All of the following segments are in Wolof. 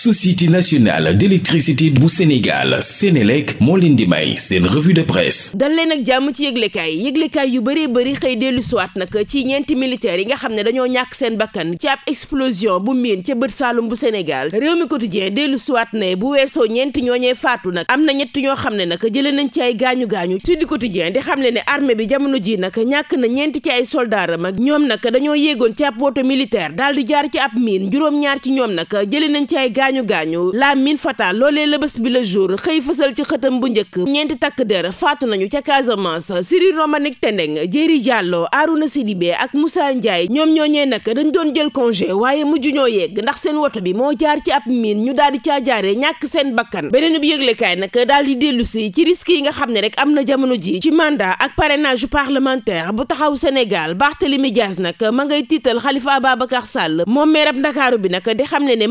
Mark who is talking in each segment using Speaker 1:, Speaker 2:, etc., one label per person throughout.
Speaker 1: société nationale d'électricité bu Sénégal Sénélec moo leen di may seen revue de presse dal leen ak jàmm ci yëglekaay yëglekaay yu bëree bëri xëy dellu siwaat nag ci ñeenti militaires yi nga xam ne dañoo ñàkk seen bakkan ci ab explosion bu miin ca bët saalum bu Sénégal réew mi quotidien dellu siwaat ne bu weesoo ñeenti ñooñee faatu nag am na ñett ñoo xam ne nag jëlee nañ ci ay gaañu gaañu Sud Quotidien di xam ne ne armée bi jamono ji nag ñàkk na ñeenti ci ay soldaaram ak ñoom nag dañoo yéegoon ci ab woto militaire daal di jaar ci ab miin juróom-ñaar ci gaañu gaañu Lamine Fata loolee la bés bi la jour xëy fësal ci xëtam bu njëkk ñeenti takk der faatu nañu ca Casamance Siri Romanik Tendeng Jéeri Diallo Arouna Sidibé ak Moussa Ndiaye ñoom ñooñee nag dañ doon jël congé waaye mujj yegg ndax seen woto bi moo jaar ci ab miin ñu daal di caa ñàkk seen bakkan beneen bi yëglekaay nag daal di si ci risque yi nga xam ne rek am na jamono ji ci mandat ak parrainage parlementaire bu taxaw Sénégal Barthélemy Dias nag ma ngay tiital Khalifa Ababacar Sall moom meerab Ndakaaru bi nag di xam ne ne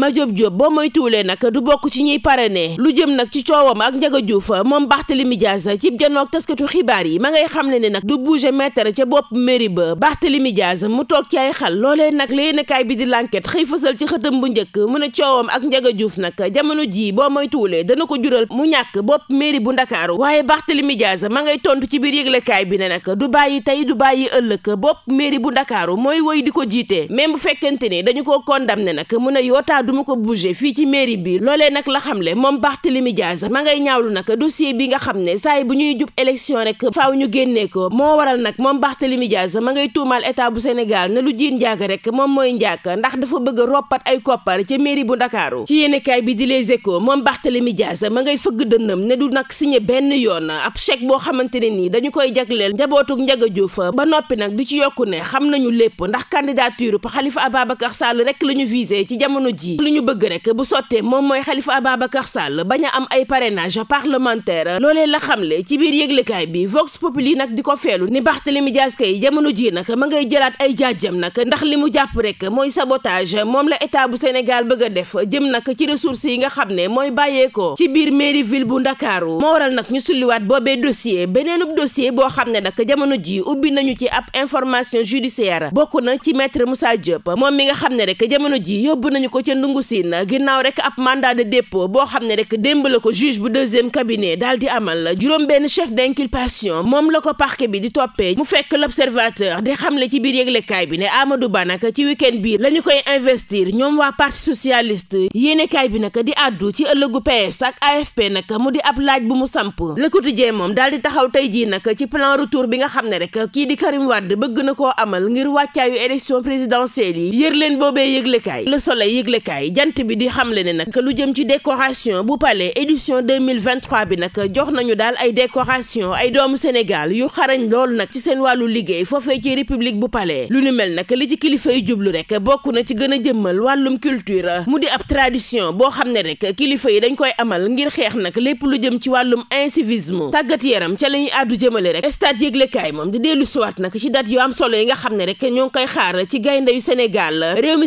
Speaker 1: moytuwulee nag du bokk ci ñuy parrainé lu jëm nag ci coowam ak Ndiaga Diouf moom Barthélémy Dias ci janoog taskatu xibaar yi ma ngay xam ne ne nag du bouger mètre ca bopp mairie ba Barthélémy Dias ci xal loolee nag la yéenekaay bi di l'enquête xëy fësal ci xëtam bu njëkk mu ne coowam ak Ndiaga Diouf nag jamono ji boo moytuwulee dana ko jural mu ñàkk bopp mairie bu Ndakaaru waaye Barthélémy Dias ma ngay tontu ci biir yëglekaay bi ne nag du bàyyi tey du bàyyi ëllëg bopp mairie bu Ndakaaru mooy woy di ko jiite même bu fekkente ni dañu ko condamné nag mu ne yootaa du ci mairie bi loolee nag la xamle moom Barthélémy Dias ma ngay ñaawlu nag dossier bi nga xam ne saa bu ñuy jub élection rek faaw ñu génnee moo waral nag moom Barthélémy Dias ma ngay tuumaal état bu Sénégal ne lu jiin njaag rek moom mooy njaag ndax dafa bëgg roppat ay koppar ca mairie bu Ndakaaru ci yéenekaay bi di Les Échos moom Barthélémy Dias ma ngay fëgg dënnam ne du nag signé benn yoon ab chèque boo xamante ne nii dañu koy jagleel njabootug njaga Diouf ba noppi nag di ci yokk ne xam nañu lépp ndax candidature Khalifa Ababacar Sall rek la ñu visé ci jamono ji lu ñu bëgg rek sottee moom mooy Khalifa Ababacar Sall bañ a am ay parrainage parlementaire loolee la xamle ci biir yëglekaay bi Vox Populi nag di ko feelu ni Barthélémy Dias kay jamono ji nag ma ngay jëlaat ay jaajam nag ndax li mu jàpp rek mooy sabotage moom la état bu Sénégal bëgg a def jëm nag ci ressources yi nga xam ne mooy bàyyeeko ci biir mairie ville bu Ndakaaru moo waral nag ñu sulliwaat boobee dossier beneenub dossier boo xam ne nag jamono ji ubbi nañu ci ab information judiciaire bokk na ci maître Moussa Diop moom mi nga xam ne rek jamono ji yóbbu nañu ko ca ndungu siin ginnaaw rek ab mandat de dépôt boo xam ne rek démb la ko juge bu deuxième cabinet daal di amal juróom benn chef d'inculpation moom la ko parquet bi di toppee mu fekk l'observateur di xam xamle ci biir yëglekaay bi ne Amadou Ba nag ci week-end bi la ñu koy investir ñoom waa parti socialiste yéenekaay bi nag di àddu ci ëllëgu PS ak AFP nag mu di ab laaj bu mu samp Le Quotidien moom daal di taxaw tey jii nag ci plan retour bi nga xam ne rek kii di Karim Wade bëgg na koo amal ngir wàccaayu élection présidentielle yi yër leen boobee yëglekaay la Soleil yëglekaay jant bi xamle ne nag lu jëm ci décoration bu palais édition 2023 bi nag jox nañu daal ay décoration ay doomu Sénégal yu xarañ loolu nag ci seen wàllu liggéey foofu foofee ci république bu palais lu nu mel nag li ci kilifa yu jublu rek bokk na ci gën a jëmmal wàllum culture mu di ab tradition boo xam ne rek kilifa yi dañ koy amal ngir xeex nag lépp lu jëm ci wàllum incivisme tàggat yaram ca la ñuy àddu jëmale rek stade yëglekaay moom di dellu siwaat nag ci date yu am solo yi nga xam ne rek ñoo ngi koy xaar ci gaynde yu Sénégal réew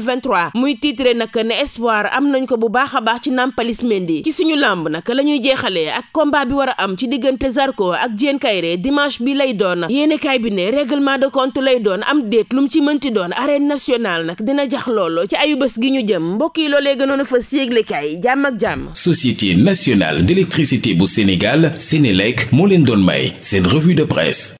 Speaker 1: 2023 muy tiitre nag ne espoir am nañ ko bu baax a baax ci Nampalys Mendy ci suñu làmb nag la ñuy jeexalee ak combat bi war a am ci diggante Zarko ak Diène Kairé dimanche bi lay doon yéenekaay bi ne règlement de compte lay doon am déet lu mu ci mënti doon arène nationale nag dina jax loolu ci ayu bés gi ñu jëm mbokk yi loolee gënoon a fas yéeglekaay jàmm ak jàmm. Société nationale d'électricité bu Sénégal Sénélec moo leen doon may seen revue de presse.